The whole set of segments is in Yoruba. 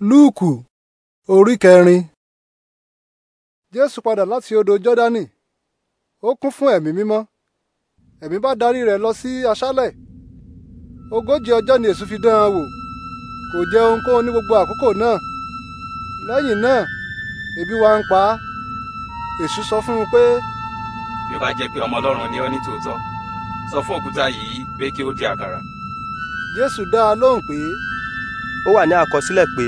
lúùkù orí kẹrin. jésù padà láti odò jọ́dánì ó kún fún ẹ̀mí mímọ́ ẹ̀mí bá darí rẹ̀ lọ sí aṣálẹ̀ ogójì ọjọ́ ni èṣù fi dán an wò kò jẹ ohunkóhun ní gbogbo àkókò náà lẹ́yìn náà ebi wá ń pa á èṣù sọ fún un pé. bí ó bá jẹ́ pé ọmọ ọlọ́run ni ó ní tòótọ́ sọ fún òkúta yìí pé kí ó di àkàrà. jésù dá a lóhùn pé ó wà ní àkọsílẹ̀ pé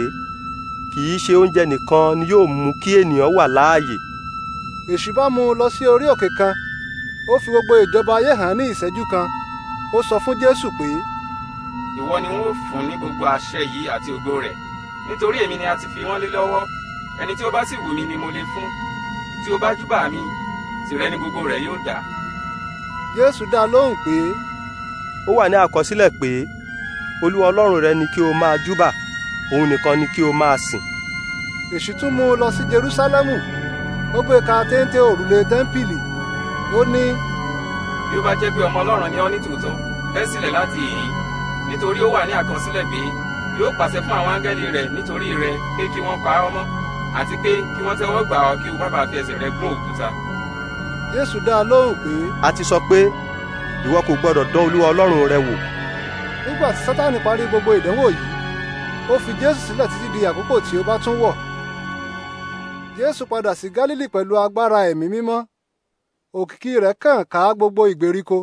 kì í ṣe oúnjẹ nìkan ni yóò mú kí ènìyàn wà láàyè. èṣù bá mú un lọ sí orí òkè kan ó fi gbogbo ìjọba ayé hàn ní ìṣẹ́jú kan ó sọ fún jésù pé. ìwọ ni wọn ò fún ní gbogbo àṣẹ yìí àti ògo rẹ̀ nítorí èmi ni a ti fi wọ́n lé lọ́wọ́ ẹni tí ó bá sì wù mí ni mo lè fún tí ó bá júbà mi tìrẹ ni gbogbo rẹ̀ yóò dà. jésù dá lóhùn pé. ó wà ní àkọsílẹ̀ pé olúwa ọlọ́run rẹ ni kí o máa júbà òun nìkan ni kí o máa sìn. èṣù tún mú un lọ sí jerúsálẹ́mù ó gbé ka téńté òrùlé tẹ́ḿpìlì ó ní. bí ó bá jẹ́ pé ọmọ ọlọ́run ni ọ́ ní tòótọ́ bẹ́ sílẹ̀ láti ìhín nítorí ó wà ní àkọsílẹ̀ pé yóò pàṣẹ fún àwọn áńgẹ́lì rẹ̀ nítorí rẹ̀ pé kí wọ́n pa ọ́ mọ́ àti pé kí wọ́n tẹ́wọ́ gbà ọ́ kí o má bàa fi ẹsẹ̀ rẹ gún òkúta. jésù dá a lóhùn pé. a ti sọ pé ìwọ kò gbọdọ̀ dán olúwa ọlọ́run rẹ wò nígbà tí sátánì parí gbogbo ìdánwò yìí ó fi jésù sílẹ̀ títí di àkókò tí ó bá tún wọ̀ jésù padà sí gálílì pẹ̀lú agbára ẹ̀mí mímọ́ òkìkí rẹ̀ kàn ká gbogbo ìgbèríko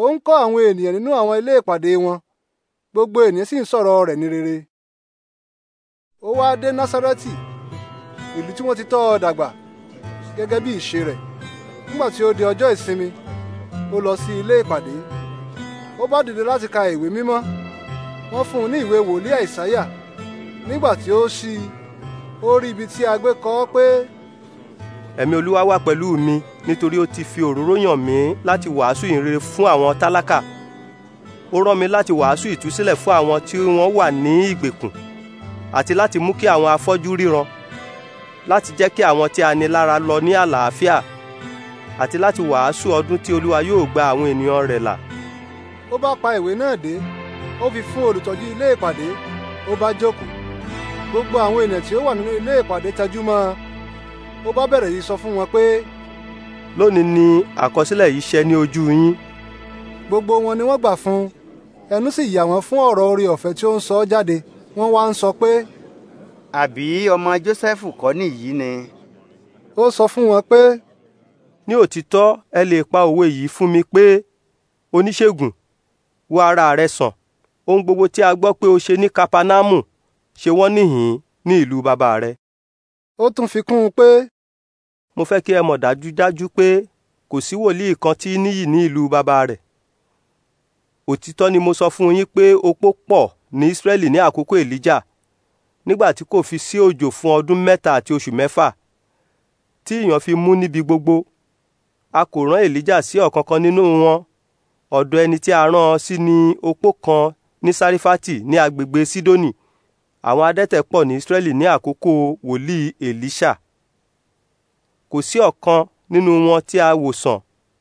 ó ń kọ́ àwọn ènìyàn nínú àwọn ilé ìpàdé wọn gbogbo ènìyàn sì ń sọ̀rọ̀ rẹ̀ ní rere ó wá dé násárẹ́tì ìlú tí wọ́n ti tọ́ ọ dàgbà gẹ́gẹ́ bí ìṣe rẹ̀ nígbà tí ó di ọjọ́ ìsinmi ó lọ sí ilé ìpàdé ó bá dìde láti ka ìwé mímọ́ wọ́n fún un ní ìwé wòlíì àìsáyà nígbà tí ó ṣí i ó rí ibi tí a gbé kọ ọ́ pé. ẹ̀mí olúwa wà pẹ̀lú mi nítorí ó ti fi òróró yàn mí láti wàásù ìrere fún àwọn tálákà ó rán mi láti wàásù ìtúsílẹ̀ fún àwọn tí wọ́n wà ní ìgbèkùn àti láti mú kí àwọn afọ́jú ríran láti jẹ́ kí àwọn tí a ní lára lọ ní àlàáfíà àti láti wàásù ọdún tí olúwa yóò gba àwọn ènìyàn rẹ̀ là ó bá pa ìwé náà dé ó fi fún olùtọ́jú ilé ìpàdé ó bá jókòó gbogbo àwọn ènìyàn tí ó wà nínú ilé ìpàdé tẹjú mọ́ ọ ó bá bẹ̀rẹ̀ yìí sọ fún wọn pé. lónìí ni àkọsílẹ̀ yìí ṣẹ ní ojú yín. gbogbo wọn ni wọ́n gbà fún un ẹnu sì yà wọ́n fún ọ̀rọ̀ orí ọ̀fẹ́ tí ó ń sọ ọ́ jáde wọ́n wá ń sọ pé. àbí ọmọ Jósẹ́fù kọ́ nìyí ni. ó sọ fún wọn pé. ní òtítọ́ ẹ lè pa òwe yìí fún mi pé oníṣègùn wo ara rẹ sàn ohun gbogbo tí a gbọ́ pé o ṣe ní kapanamu ṣe wọ́n níhìn-ín ní ìlú bàbá rẹ. ó tún fi kún un pé. mo fẹ́ kí ẹ mọ̀ dájúdájú pé kò sí wòlíì kan tí níyì ní ìlú bàbá rẹ̀. òtítọ́ ni mo sọ fún yín pé opó pọ̀ ní Ísírẹ́lì ní àkókò Èlíjà nígbà tí kò fi sí òjò fún ọdún mẹ́ta àti oṣù mẹ́fà tí ìyàn fi mú níbi gbogbo a kò rán Èlíjà sí ọ̀kankan nínú wọn ọ̀dọ̀ ẹni tí a rán sí ní opó kan ní sárífátì ní agbègbè sídónì àwọn adẹ́tẹ̀ pọ̀ ní israẹli ní àkókò wòlíì èlíṣà kò sí ọ̀kan nínú wọn tí a wò sàn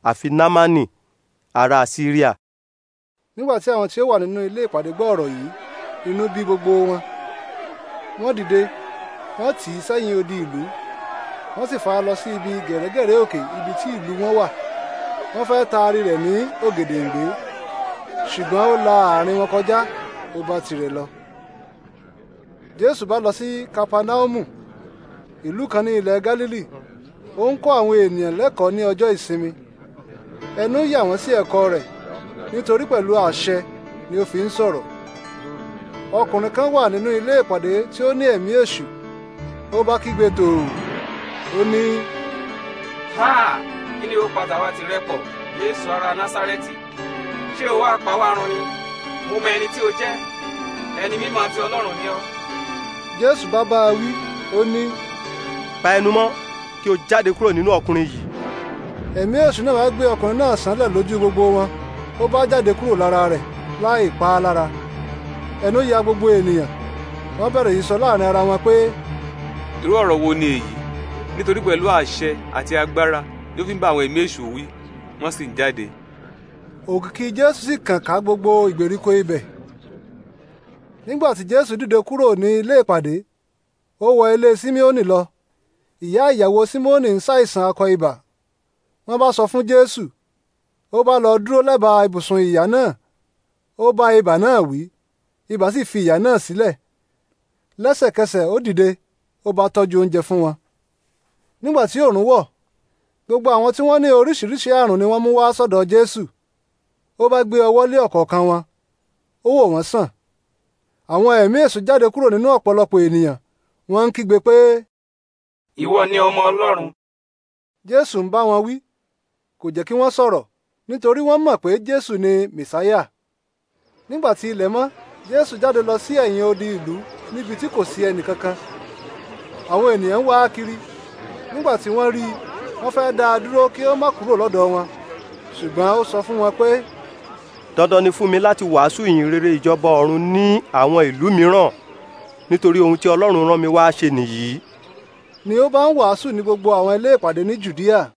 àfi námánì ará síríà. nígbà tí àwọn tí ó wà nínú ilé ìpàdé gbọ́ ọ̀rọ̀ yìí inú bí gbogbo wọn wọ́n dìde wọ́n tì í sẹ́yìn odi ìlú wọ́n sì fà lọ sí ibi gẹ̀rẹ́gẹ̀rẹ́ òkè ibi tí ìlú wọn wà. wọ́n fẹ́ taari rẹ̀ ní ògèdèǹgbé ṣùgbọ́n ó la àárín wọn kọjá ó bá tirẹ̀ lọ. jésù bá lọ sí kapanaumu ìlú kan ní ilẹ̀ galili ó ń kọ́ àwọn ènìyàn lẹ́kọ̀ọ́ ní ọjọ́ ìsinmi ẹnu yà wọ́n sí ẹ̀kọ́ rẹ̀ nítorí pẹ̀lú àṣẹ ni ó fi ń sọ̀rọ̀ ọkùnrin kan wà nínú ilé ìpàdé tí ó ní ẹ̀mí èṣù ó bá kígbe tòò ó ní. ha! kí ó padà wá ti rẹ́pọ̀ Jésù ará Násárẹ́tì ṣé o wá pa wá run ni mo mọ ẹni tí o jẹ́ ẹni mímọ́ àti Ọlọ́run ni ọ? Jésù bá bá a wí ó ní. pa ẹnu mọ, kí o jáde kúrò nínú ọkùnrin yìí. ẹ̀mí èṣù náà wá gbé ọkùnrin náà sánlẹ̀ gbogbo wọn ó bá jáde kúrò lára rẹ̀ láì ya gbogbo ènìyàn bẹ̀rẹ̀ yìí sọ ara wọn pé. irú ọ̀rọ̀ ni èyí nítorí pẹ̀lú àṣẹ àti agbára ló fi ń bá àwọn ẹ̀mí èṣù wí wọ́n sì ń jáde. òkìkí jésù sì kàn ká gbogbo ìgbèríko ibẹ̀ nígbà tí jésù dìde kúrò ní ilé ìpàdé ó wọ ilé símíónì lọ ìyá ìyàwó símíónì ń ṣàìsàn akọ ibà wọ́n bá sọ fún jésù ó bá lọ dúró lẹ́bàá ibùsùn ìyá náà ó bá ibà náà wí ibà sì fi ìyá náà sílẹ̀ lẹ́sẹ̀kẹsẹ̀ ó dìde ó bá tọ́jú oúnjẹ fún wọn nígbà tí òòrùn wọ̀ gbogbo àwọn tí wọ́n ní oríṣiríṣi àrùn ni wọ́n mú wá sọ́dọ̀ Jésù ó bá gbé ọwọ́ lé ọ̀kọ̀ọ̀kan wọn ó wò wọ́n sàn àwọn ẹ̀mí èṣù jáde kúrò nínú ọ̀pọ̀lọpọ̀ ènìyàn wọ́n ń kígbe pé. ìwọ ni ọmọ Ọlọ́run. Jésù ń bá wọn wí kò jẹ́ kí wọ́n sọ̀rọ̀ nítorí wọ́n mọ̀ pé Jésù ni Mèsáyà nígbà tí ilẹ̀ mọ́ Jésù jáde lọ sí ẹ̀yìn odi ìlú níbi tí kò sí ẹnì àwọn ènìyàn wá kiri nígbà tí wọ́n rí i wọ́n fẹ́ dá a dúró kí ó má kúrò lọ́dọ̀ wọn ṣùgbọ́n ó sọ fún wọn pé. dandan ni fún mi láti wàásù ìyìn rere ìjọba ọ̀run ní àwọn ìlú mìíràn nítorí ohun tí ọlọ́run rán mi wá ṣe nìyí. ni ó bá ń wàásù ní gbogbo àwọn ilé ìpàdé ní judea